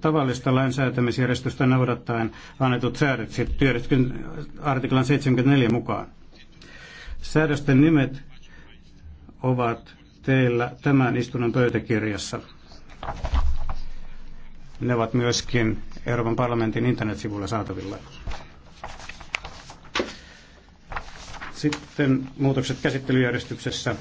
tavallista lainsäätämisjärjestystä noudattaen annetut säädökset työjärjestyksen artiklan 74 mukaan. Säädösten nimet ovat teillä tämän istunnon pöytäkirjassa. Ne ovat myöskin Euroopan parlamentin internetsivuilla saatavilla. Sitten muutokset käsittelyjärjestyksessä.